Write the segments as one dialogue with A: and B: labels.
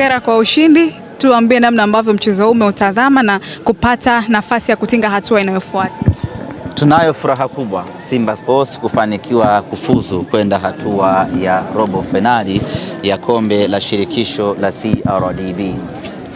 A: Hongera kwa ushindi. Tuambie namna ambavyo mchezo huu umeutazama na kupata nafasi ya kutinga hatua inayofuata.
B: Tunayo furaha kubwa Simba Sports kufanikiwa kufuzu kwenda hatua ya robo fainali ya kombe la shirikisho la CRDB.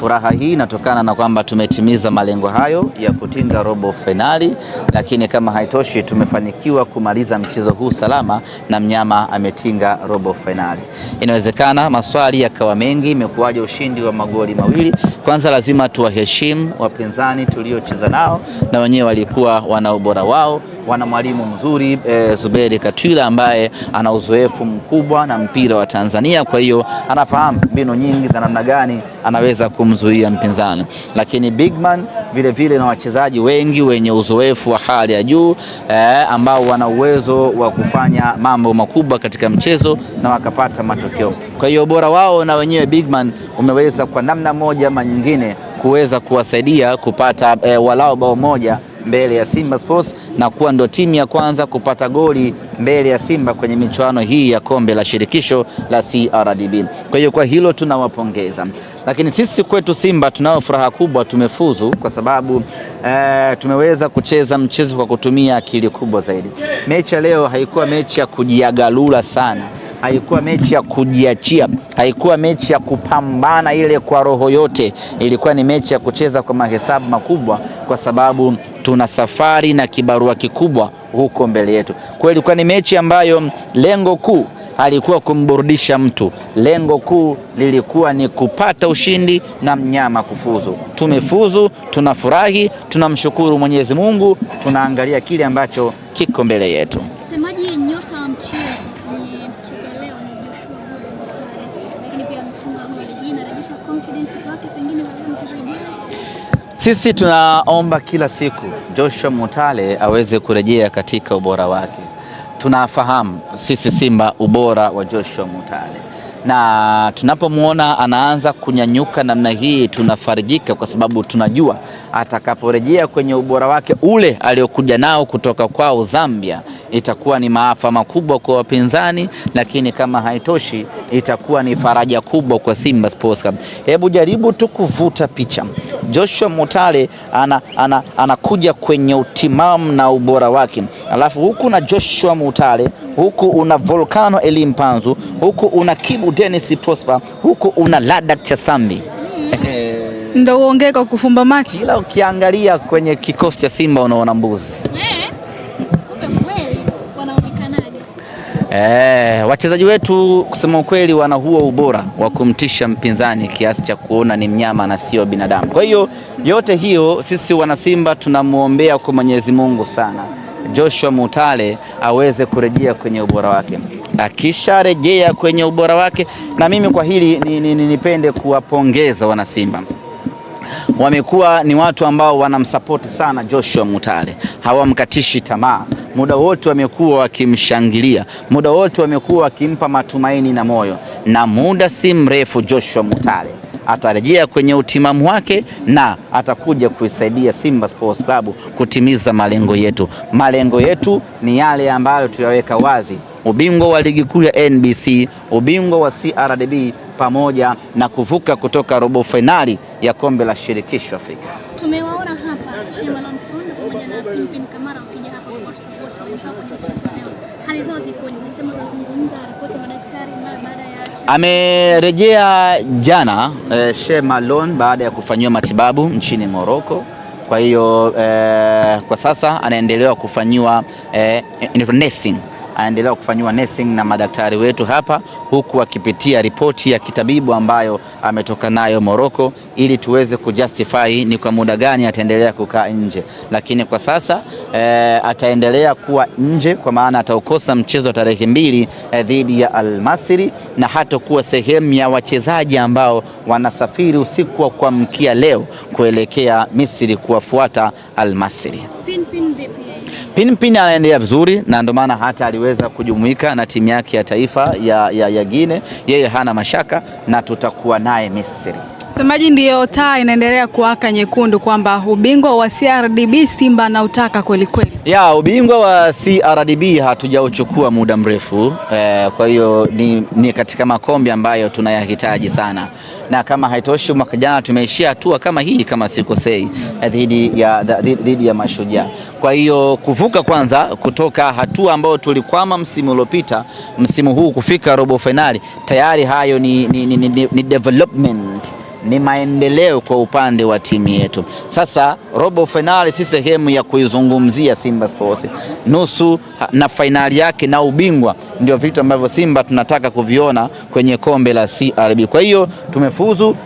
B: Furaha hii inatokana na kwamba tumetimiza malengo hayo ya kutinga robo fainali, lakini kama haitoshi, tumefanikiwa kumaliza mchezo huu salama na mnyama ametinga robo fainali. Inawezekana maswali yakawa mengi, imekuwaje ushindi wa magoli mawili? Kwanza lazima tuwaheshimu wapinzani tuliocheza nao, na wenyewe walikuwa wana ubora wao wana mwalimu mzuri e, Zuberi Katwila ambaye ana uzoefu mkubwa na mpira wa Tanzania, kwa hiyo anafahamu mbinu nyingi za namna gani anaweza kumzuia mpinzani, lakini bigman vile vile na wachezaji wengi wenye uzoefu wa hali ya juu e, ambao wana uwezo wa kufanya mambo makubwa katika mchezo na wakapata matokeo. Kwa hiyo ubora wao na wenyewe bigman umeweza kwa namna moja ama nyingine kuweza kuwasaidia kupata e, walao bao moja mbele ya Simba Sports na kuwa ndo timu ya kwanza kupata goli mbele ya Simba kwenye michuano hii ya kombe la shirikisho la CRDB. Kwa hiyo kwa hilo tunawapongeza, lakini sisi kwetu Simba tunayo furaha kubwa, tumefuzu kwa sababu e, tumeweza kucheza mchezo kwa kutumia akili kubwa zaidi. Mechi ya leo haikuwa mechi ya kujiagalula sana haikuwa mechi ya kujiachia, haikuwa mechi ya kupambana ile kwa roho yote. Ilikuwa ni mechi ya kucheza kwa mahesabu makubwa, kwa sababu tuna safari na kibarua kikubwa huko mbele yetu. Kwa hiyo ilikuwa ni mechi ambayo lengo kuu alikuwa kumburudisha mtu, lengo kuu lilikuwa ni kupata ushindi na mnyama kufuzu. Tumefuzu, tunafurahi, tunamshukuru Mwenyezi Mungu, tunaangalia kile ambacho kiko mbele yetu.
C: Semaji nyota wa mchezo kwenye mchezo leo ni Joshua lakini pia amefunga goli. inarejesha confidence kwake pengine
B: sisi tunaomba kila siku Joshua Mutale aweze kurejea katika ubora wake. Tunafahamu sisi Simba ubora wa Joshua Mutale, na tunapomwona anaanza kunyanyuka namna hii tunafarijika, kwa sababu tunajua atakaporejea kwenye ubora wake ule aliokuja nao kutoka kwao Zambia, itakuwa ni maafa makubwa kwa wapinzani, lakini kama haitoshi itakuwa ni faraja kubwa kwa Simba Sports Club. Hebu jaribu tu kuvuta picha. Joshua Mutale anakuja ana, ana kwenye utimamu na ubora wake, alafu huku na Joshua Mutale, huku una Volcano Elimpanzu, huku una Kibu Dennis Prosper, huku una Ladak Chasambi
A: ndio uongee kwa kufumba macho.
B: Kila ukiangalia kwenye kikosi cha Simba unaona mbuzi. E, wachezaji wetu kusema ukweli, wana huo ubora wa kumtisha mpinzani kiasi cha kuona ni mnyama na sio binadamu. Kwa hiyo yote hiyo sisi wanasimba tunamwombea kwa Mwenyezi Mungu sana Joshua Mutale aweze kurejea kwenye ubora wake. Akisharejea kwenye ubora wake, na mimi kwa hili ni, ni, ni, nipende kuwapongeza wanasimba wamekuwa ni watu ambao wanamsapoti sana Joshua Mutale, hawamkatishi tamaa muda wote wamekuwa wakimshangilia, muda wote wamekuwa wakimpa matumaini na moyo, na muda si mrefu Joshua Mutale atarejea kwenye utimamu wake na atakuja kuisaidia Simba Sports Club kutimiza malengo yetu. Malengo yetu ni yale ambayo tuyaweka wazi: ubingwa wa ligi kuu ya NBC, ubingwa wa CRDB pamoja na kuvuka kutoka robo fainali ya kombe la shirikisho Afrika.
C: Tumewaona hapa Stephen Kamara wakija hapa kwenye leo, hali zao zikoje? Nasema tunazungumza ripoti madaktari mara baada ya
B: amerejea jana eh, She Malone baada ya kufanyiwa matibabu nchini Morocco. Kwa hiyo eh, kwa sasa anaendelea kufanyiwa eh, nursing anaendelea kufanyiwa nursing na madaktari wetu hapa, huku akipitia ripoti ya kitabibu ambayo ametoka nayo Moroko, ili tuweze kujustify ni kwa muda gani ataendelea kukaa nje. Lakini kwa sasa e, ataendelea kuwa nje kwa maana ataukosa mchezo wa tarehe mbili eh, dhidi ya Almasiri na hatakuwa sehemu ya wachezaji ambao wanasafiri usiku wa kuamkia leo kuelekea Misri kuwafuata Al-Masri.
C: Pinpin vipi?
B: Pinpin anaendelea vizuri na ndio maana hata aliweza kujumuika na timu yake ya taifa ya, ya, ya Gine. Yeye hana mashaka na tutakuwa naye Misri.
A: Msemaji ndiyo taa inaendelea kuwaka nyekundu kwamba ubingwa wa CRDB Simba utaka kweli kweli.
B: Ya ubingwa wa CRDB hatujauchukua muda mrefu eh, kwa hiyo ni, ni katika makombi ambayo tunayahitaji sana, na kama haitoshi mwaka jana tumeishia hatua kama hii kama sikosei eh, dhidi ya, dhidi ya Mashujaa. Kwa hiyo kuvuka kwanza kutoka hatua ambayo tulikwama msimu uliopita, msimu huu kufika robo fainali tayari, hayo ni, ni, ni, ni, ni development ni maendeleo kwa upande wa timu yetu. Sasa robo fainali si sehemu ya kuizungumzia Simba Sports. Nusu na fainali yake na ubingwa ndio vitu ambavyo Simba tunataka kuviona kwenye kombe la CRB. Kwa hiyo tumefuzu